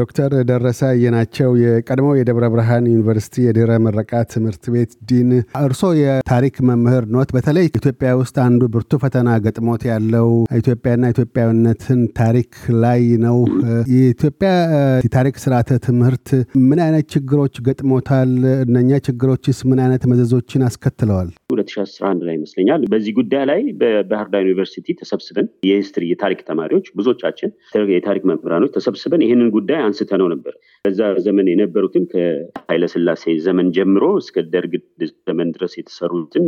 ዶክተር ደረሰ የናቸው የቀድሞው የደብረ ብርሃን ዩኒቨርሲቲ የድረ ምረቃ ትምህርት ቤት ዲን፣ እርሶ የታሪክ መምህር ኖት። በተለይ ኢትዮጵያ ውስጥ አንዱ ብርቱ ፈተና ገጥሞት ያለው ኢትዮጵያና ኢትዮጵያዊነትን ታሪክ ላይ ነው። የኢትዮጵያ የታሪክ ስርዓተ ትምህርት ምን አይነት ችግሮች ገጥሞታል? እነኛ ችግሮችስ ምን አይነት መዘዞችን አስከትለዋል? 2011 ላይ ይመስለኛል በዚህ ጉዳይ ላይ በባህርዳር ዩኒቨርሲቲ ተሰብስበን የሂስትሪ የታሪክ ተማሪዎች ብዙዎቻችን የታሪክ መምህራኖች ተሰብስበን ይህንን ጉዳይ አንስተ ነው ነበር። በዛ ዘመን የነበሩትን ከኃይለስላሴ ዘመን ጀምሮ እስከ ደርግ ዘመን ድረስ የተሰሩትን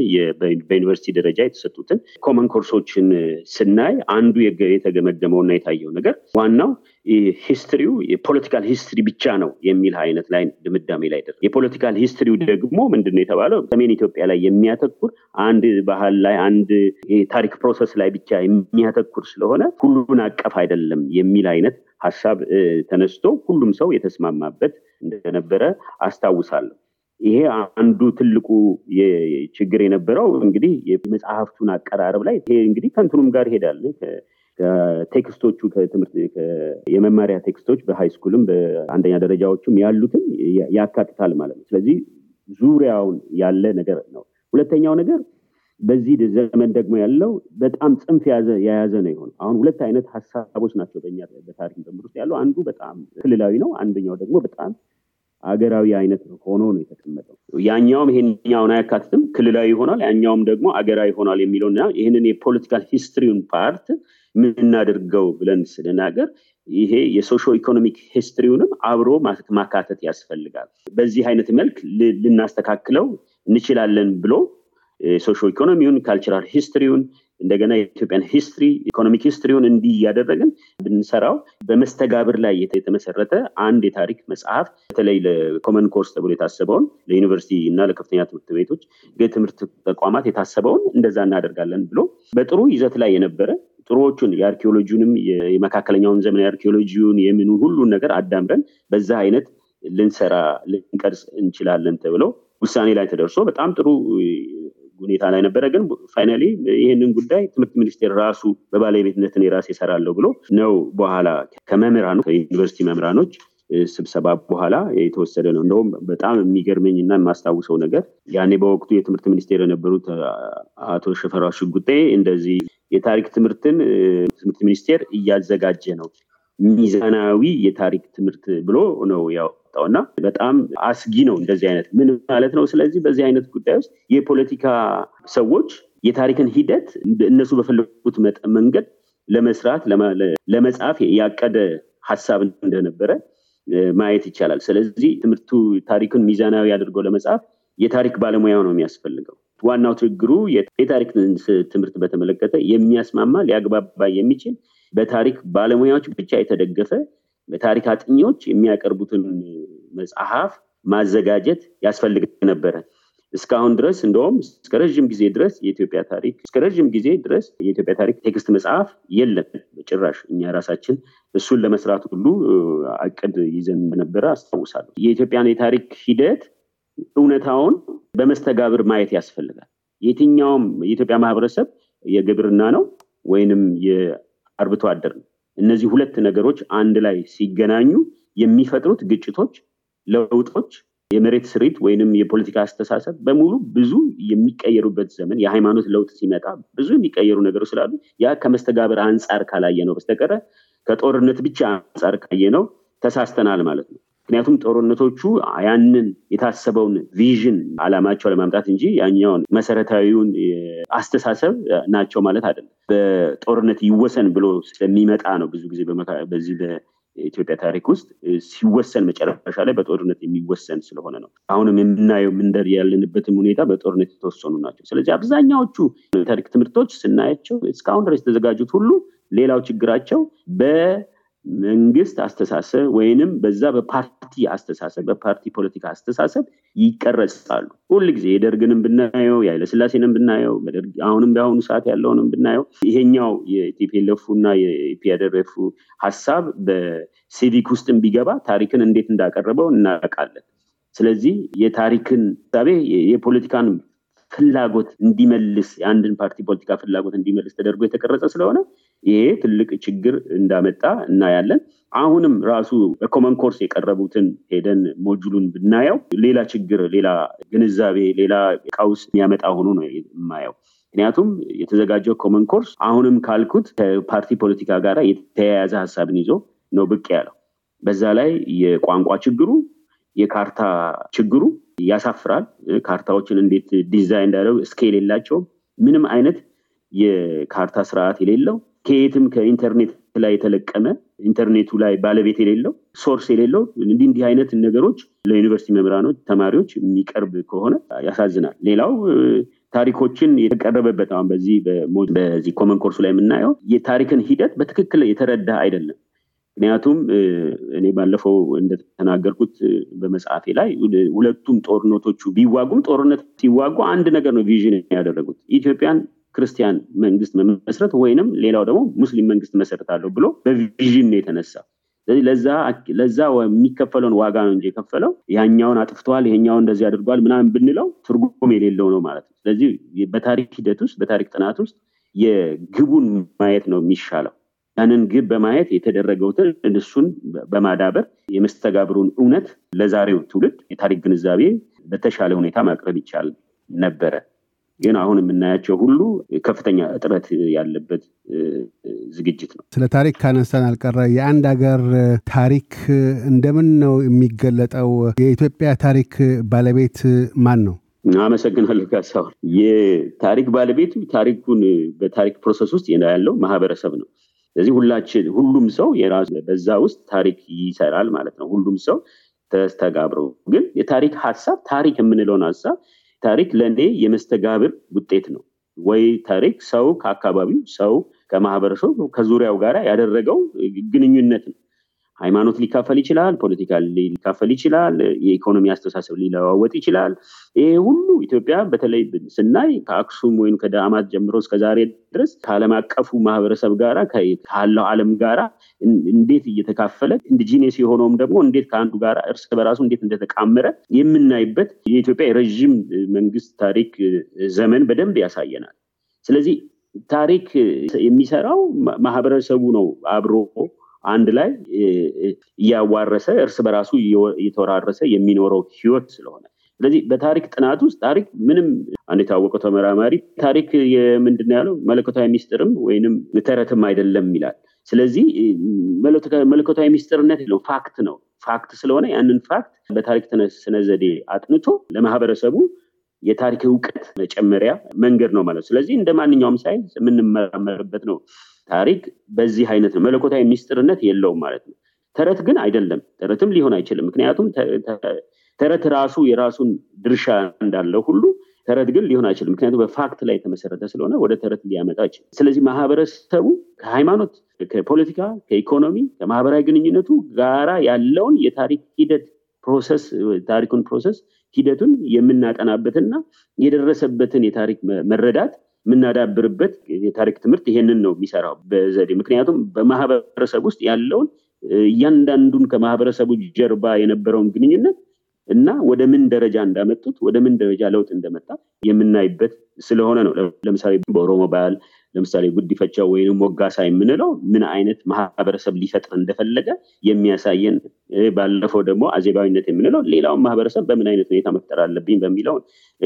በዩኒቨርሲቲ ደረጃ የተሰጡትን ኮመን ኮርሶችን ስናይ አንዱ እና የታየው ነገር ዋናው ሂስትሪው የፖለቲካል ሂስትሪ ብቻ ነው የሚል አይነት ላይ ድምዳሜ ላይ ደረሰ። የፖለቲካል ሂስትሪው ደግሞ ምንድነው የተባለው ሰሜን ኢትዮጵያ ላይ የሚያተኩር አንድ ባህል ላይ አንድ ታሪክ ፕሮሰስ ላይ ብቻ የሚያተኩር ስለሆነ ሁሉን አቀፍ አይደለም የሚል አይነት ሀሳብ ተነስቶ ሁሉም ሰው የተስማማበት እንደነበረ አስታውሳለሁ። ይሄ አንዱ ትልቁ ችግር የነበረው እንግዲህ የመጽሐፍቱን አቀራረብ ላይ ይሄ እንግዲህ ከንትኑም ጋር ይሄዳል። ቴክስቶቹ ከትምህርት የመማሪያ ቴክስቶች በሃይስኩልም በአንደኛ ደረጃዎችም ያሉትን ያካትታል ማለት ነው። ስለዚህ ዙሪያውን ያለ ነገር ነው። ሁለተኛው ነገር በዚህ ዘመን ደግሞ ያለው በጣም ጽንፍ የያዘ ነው የሆነ አሁን ሁለት አይነት ሀሳቦች ናቸው በእኛ በታሪክ ምርምር ውስጥ ያለው አንዱ በጣም ክልላዊ ነው አንደኛው ደግሞ በጣም አገራዊ አይነት ሆኖ ነው የተቀመጠው ያኛውም ይሄኛውን አያካትትም ክልላዊ ይሆናል ያኛውም ደግሞ አገራዊ ይሆናል የሚለውና ይህንን የፖለቲካል ሂስትሪውን ፓርት የምናደርገው ብለን ስንናገር ይሄ የሶሾ ኢኮኖሚክ ሂስትሪውንም አብሮ ማካተት ያስፈልጋል በዚህ አይነት መልክ ልናስተካክለው እንችላለን ብሎ ሶሾ ኢኮኖሚውን ካልቸራል ሂስትሪውን እንደገና የኢትዮጵያን ሂስትሪ ኢኮኖሚክ ሂስትሪውን እንዲህ እያደረግን ብንሰራው በመስተጋብር ላይ የተመሰረተ አንድ የታሪክ መጽሐፍ በተለይ ለኮመን ኮርስ ተብሎ የታሰበውን ለዩኒቨርሲቲ እና ለከፍተኛ ትምህርት ቤቶች የትምህርት ተቋማት የታሰበውን እንደዛ እናደርጋለን ብሎ በጥሩ ይዘት ላይ የነበረ ጥሩዎቹን የአርኪኦሎጂውንም የመካከለኛውን ዘመን የአርኪኦሎጂውን የምኑ ሁሉን ነገር አዳምረን በዛ አይነት ልንሰራ ልንቀርጽ እንችላለን ተብለው ውሳኔ ላይ ተደርሶ በጣም ጥሩ ሁኔታ ላይ ነበረ። ግን ፋይናሊ ይህንን ጉዳይ ትምህርት ሚኒስቴር ራሱ በባለቤትነትን የራሴ እሰራለሁ ብሎ ነው በኋላ ከመምህራኖች ከዩኒቨርሲቲ መምህራኖች ስብሰባ በኋላ የተወሰደ ነው። እንደውም በጣም የሚገርመኝ እና የማስታውሰው ነገር ያኔ በወቅቱ የትምህርት ሚኒስቴር የነበሩት አቶ ሸፈራ ሽጉጤ እንደዚህ የታሪክ ትምህርትን ትምህርት ሚኒስቴር እያዘጋጀ ነው ሚዛናዊ የታሪክ ትምህርት ብሎ ነው ያው ያወጣው እና በጣም አስጊ ነው። እንደዚህ አይነት ምን ማለት ነው? ስለዚህ በዚህ አይነት ጉዳይ ውስጥ የፖለቲካ ሰዎች የታሪክን ሂደት እነሱ በፈለጉት መንገድ ለመስራት ለመጻፍ ያቀደ ሀሳብ እንደነበረ ማየት ይቻላል። ስለዚህ ትምህርቱ ታሪክን ሚዛናዊ አድርገው ለመጻፍ የታሪክ ባለሙያው ነው የሚያስፈልገው። ዋናው ችግሩ የታሪክ ትምህርት በተመለከተ የሚያስማማ ሊያግባባ የሚችል በታሪክ ባለሙያዎች ብቻ የተደገፈ በታሪክ አጥኚዎች የሚያቀርቡትን መጽሐፍ ማዘጋጀት ያስፈልግ ነበረ። እስካሁን ድረስ እንደውም እስከ ረዥም ጊዜ ድረስ የኢትዮጵያ ታሪክ እስከ ረዥም ጊዜ ድረስ የኢትዮጵያ ታሪክ ቴክስት መጽሐፍ የለም በጭራሽ። እኛ ራሳችን እሱን ለመስራት ሁሉ አቅድ ይዘን እንደነበረ አስታውሳለሁ። የኢትዮጵያን የታሪክ ሂደት እውነታውን በመስተጋብር ማየት ያስፈልጋል። የትኛውም የኢትዮጵያ ማህበረሰብ የግብርና ነው ወይንም የአርብቶ አደር ነው እነዚህ ሁለት ነገሮች አንድ ላይ ሲገናኙ የሚፈጥሩት ግጭቶች፣ ለውጦች፣ የመሬት ስሪት ወይንም የፖለቲካ አስተሳሰብ በሙሉ ብዙ የሚቀየሩበት ዘመን የሃይማኖት ለውጥ ሲመጣ ብዙ የሚቀየሩ ነገሮች ስላሉ ያ ከመስተጋብር አንጻር ካላየ ነው በስተቀረ ከጦርነት ብቻ አንጻር ካየ ነው ተሳስተናል ማለት ነው። ምክንያቱም ጦርነቶቹ ያንን የታሰበውን ቪዥን አላማቸው ለማምጣት እንጂ ያኛውን መሰረታዊውን አስተሳሰብ ናቸው ማለት አይደለም። በጦርነት ይወሰን ብሎ ስለሚመጣ ነው ብዙ ጊዜ በዚህ በኢትዮጵያ ታሪክ ውስጥ ሲወሰን መጨረሻ ላይ በጦርነት የሚወሰን ስለሆነ ነው። አሁንም የምናየው ምንደር ያለንበትም ሁኔታ በጦርነት የተወሰኑ ናቸው። ስለዚህ አብዛኛዎቹ ታሪክ ትምህርቶች ስናያቸው እስካሁን ድረስ የተዘጋጁት ሁሉ ሌላው ችግራቸው በ መንግስት አስተሳሰብ ወይንም በዛ በፓርቲ አስተሳሰብ በፓርቲ ፖለቲካ አስተሳሰብ ይቀረጻሉ። ሁል ጊዜ የደርግንም ብናየው የኃይለስላሴንም ብናየው አሁንም በአሁኑ ሰዓት ያለውንም ብናየው ይሄኛው የቲፒኤልኤፉ እና የኢፒአደሬፉ ሀሳብ በሲቪክ ውስጥም ቢገባ ታሪክን እንዴት እንዳቀረበው እናቃለን ስለዚህ የታሪክን ሳቤ የፖለቲካን ፍላጎት እንዲመልስ የአንድን ፓርቲ ፖለቲካ ፍላጎት እንዲመልስ ተደርጎ የተቀረጸ ስለሆነ ይሄ ትልቅ ችግር እንዳመጣ እናያለን። አሁንም ራሱ በኮመን ኮርስ የቀረቡትን ሄደን ሞጁሉን ብናየው ሌላ ችግር፣ ሌላ ግንዛቤ፣ ሌላ ቀውስ የሚያመጣ ሆኖ ነው የማየው። ምክንያቱም የተዘጋጀው ኮመን ኮርስ አሁንም ካልኩት ከፓርቲ ፖለቲካ ጋር የተያያዘ ሀሳብን ይዞ ነው ብቅ ያለው። በዛ ላይ የቋንቋ ችግሩ የካርታ ችግሩ ያሳፍራል። ካርታዎችን እንዴት ዲዛይን እንዳደረጉ ስኬል የላቸውም። ምንም አይነት የካርታ ስርዓት የሌለው ከየትም ከኢንተርኔት ላይ የተለቀመ ኢንተርኔቱ ላይ ባለቤት የሌለው ሶርስ የሌለው እንዲህ እንዲህ አይነት ነገሮች ለዩኒቨርሲቲ መምህራኖች፣ ተማሪዎች የሚቀርብ ከሆነ ያሳዝናል። ሌላው ታሪኮችን የተቀረበበት አሁን በዚህ በዚህ ኮመን ኮርሱ ላይ የምናየው የታሪክን ሂደት በትክክል የተረዳ አይደለም። ምክንያቱም እኔ ባለፈው እንደተናገርኩት በመጽሐፌ ላይ ሁለቱም ጦርነቶቹ ቢዋጉም ጦርነት ሲዋጉ አንድ ነገር ነው ቪዥን ያደረጉት ኢትዮጵያን ክርስቲያን መንግስት መመስረት ወይንም ሌላው ደግሞ ሙስሊም መንግስት መሰረታለሁ ብሎ በቪዥን ነው የተነሳ። ስለዚህ ለዛ የሚከፈለውን ዋጋ ነው እንጂ የከፈለው ያኛውን አጥፍተዋል፣ ይሄኛውን እንደዚህ አድርጓል ምናምን ብንለው ትርጉም የሌለው ነው ማለት ነው። ስለዚህ በታሪክ ሂደት ውስጥ በታሪክ ጥናት ውስጥ የግቡን ማየት ነው የሚሻለው። ያንን ግብ በማየት የተደረገውትን እንሱን በማዳበር የመስተጋብሩን እውነት ለዛሬው ትውልድ የታሪክ ግንዛቤ በተሻለ ሁኔታ ማቅረብ ይቻል ነበረ። ግን አሁን የምናያቸው ሁሉ ከፍተኛ እጥረት ያለበት ዝግጅት ነው። ስለ ታሪክ ካነሳን አልቀረ የአንድ ሀገር ታሪክ እንደምን ነው የሚገለጠው? የኢትዮጵያ ታሪክ ባለቤት ማን ነው? አመሰግናለሁ ካሳሁን። የታሪክ ባለቤቱ ታሪኩን በታሪክ ፕሮሰስ ውስጥ ያለው ማህበረሰብ ነው። ስለዚህ ሁላችን ሁሉም ሰው የራሱ በዛ ውስጥ ታሪክ ይሰራል ማለት ነው። ሁሉም ሰው ተስተጋብረው ግን የታሪክ ሀሳብ ታሪክ የምንለውን ሀሳብ ታሪክ ለእኔ የመስተጋብር ውጤት ነው ወይ ታሪክ ሰው ከአካባቢው ሰው ከማህበረሰቡ ከዙሪያው ጋር ያደረገው ግንኙነት ነው ሃይማኖት ሊካፈል ይችላል፣ ፖለቲካ ሊካፈል ይችላል፣ የኢኮኖሚ አስተሳሰብ ሊለዋወጥ ይችላል። ይሄ ሁሉ ኢትዮጵያ በተለይ ስናይ ከአክሱም ወይም ከዳማት ጀምሮ እስከዛሬ ድረስ ከአለም አቀፉ ማህበረሰብ ጋራ ካለው አለም ጋራ እንዴት እየተካፈለ ኢንዲጂነስ የሆነውም ደግሞ እንዴት ከአንዱ ጋራ እርስ በራሱ እንዴት እንደተቃመረ የምናይበት የኢትዮጵያ የረዥም መንግስት ታሪክ ዘመን በደንብ ያሳየናል። ስለዚህ ታሪክ የሚሰራው ማህበረሰቡ ነው አብሮ አንድ ላይ እያዋረሰ እርስ በራሱ እየተወራረሰ የሚኖረው ህይወት ስለሆነ ስለዚህ በታሪክ ጥናት ውስጥ ታሪክ ምንም አንድ የታወቀው ተመራማሪ ታሪክ ምንድን ያለው መለኮታዊ ሚስጥርም ወይንም ተረትም አይደለም ይላል። ስለዚህ መለኮታዊ ሚስጥርነት ነው፣ ፋክት ነው። ፋክት ስለሆነ ያንን ፋክት በታሪክ ስነ ዘዴ አጥንቶ ለማህበረሰቡ የታሪክ እውቀት መጨመሪያ መንገድ ነው ማለት ስለዚህ እንደ ማንኛውም ሳይንስ የምንመራመርበት ነው። ታሪክ በዚህ አይነት ነው። መለኮታዊ ሚስጥርነት የለውም ማለት ነው። ተረት ግን አይደለም። ተረትም ሊሆን አይችልም። ምክንያቱም ተረት ራሱ የራሱን ድርሻ እንዳለው ሁሉ ተረት ግን ሊሆን አይችልም። ምክንያቱም በፋክት ላይ የተመሰረተ ስለሆነ ወደ ተረት ሊያመጣ አይችልም። ስለዚህ ማህበረሰቡ ከሃይማኖት፣ ከፖለቲካ፣ ከኢኮኖሚ፣ ከማህበራዊ ግንኙነቱ ጋራ ያለውን የታሪክ ሂደት ፕሮሰስ ታሪኩን ፕሮሰስ ሂደቱን የምናጠናበትና የደረሰበትን የታሪክ መረዳት የምናዳብርበት የታሪክ ትምህርት ይሄንን ነው የሚሰራው በዘዴ ምክንያቱም በማህበረሰብ ውስጥ ያለውን እያንዳንዱን ከማህበረሰቡ ጀርባ የነበረውን ግንኙነት እና ወደ ምን ደረጃ እንዳመጡት ወደ ምን ደረጃ ለውጥ እንደመጣ የምናይበት ስለሆነ ነው። ለምሳሌ በኦሮሞ ባህል ለምሳሌ ጉዲፈቻ ወይም ሞጋሳ የምንለው ምን አይነት ማህበረሰብ ሊፈጥር እንደፈለገ የሚያሳየን፣ ባለፈው ደግሞ አዜባዊነት የምንለው ሌላውን ማህበረሰብ በምን አይነት ሁኔታ መፍጠር አለብኝ በሚለውን፣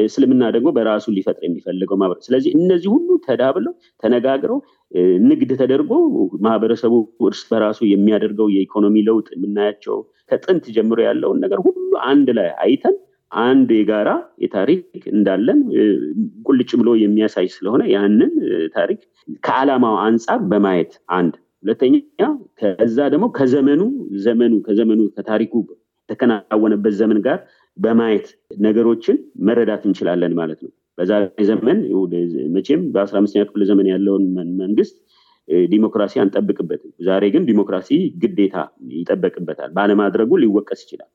እስልምና ደግሞ በራሱ ሊፈጥር የሚፈልገው ማህበረሰብ። ስለዚህ እነዚህ ሁሉ ተዳብለው ተነጋግረው ንግድ ተደርጎ ማህበረሰቡ እርስ በራሱ የሚያደርገው የኢኮኖሚ ለውጥ የምናያቸው ከጥንት ጀምሮ ያለውን ነገር ሁሉ አንድ ላይ አይተን አንድ የጋራ የታሪክ እንዳለን ቁልጭ ብሎ የሚያሳይ ስለሆነ ያንን ታሪክ ከዓላማው አንጻር በማየት አንድ ሁለተኛ ከዛ ደግሞ ከዘመኑ ዘመኑ ከዘመኑ ከታሪኩ ተከናወነበት ዘመን ጋር በማየት ነገሮችን መረዳት እንችላለን ማለት ነው። በዛ ዘመን መቼም በአስራአምስተኛ አምስተኛ ክፍለ ዘመን ያለውን መንግስት ዲሞክራሲ አንጠብቅበትም። ዛሬ ግን ዲሞክራሲ ግዴታ ይጠበቅበታል። ባለማድረጉ ሊወቀስ ይችላል።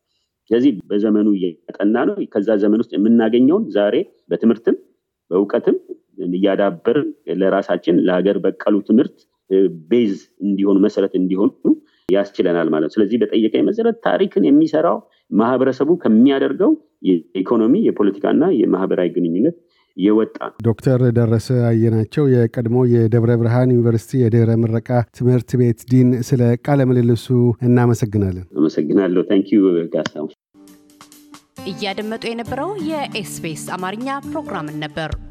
ስለዚህ በዘመኑ እያጠና ነው። ከዛ ዘመን ውስጥ የምናገኘውን ዛሬ በትምህርትም በእውቀትም እያዳበርን ለራሳችን ለሀገር በቀሉ ትምህርት ቤዝ እንዲሆኑ መሰረት እንዲሆኑ ያስችለናል ማለት ስለዚህ በጠየቀ መሰረት ታሪክን የሚሰራው ማህበረሰቡ ከሚያደርገው የኢኮኖሚ የፖለቲካና የማህበራዊ ግንኙነት የወጣ ነው። ዶክተር ደረሰ አየናቸው የቀድሞ የደብረ ብርሃን ዩኒቨርሲቲ የድህረ ምረቃ ትምህርት ቤት ዲን፣ ስለ ቃለ ምልልሱ እናመሰግናለን። አመሰግናለሁ። ዩ ጋሳ። እያደመጡ የነበረው የኤስፔስ አማርኛ ፕሮግራምን ነበር።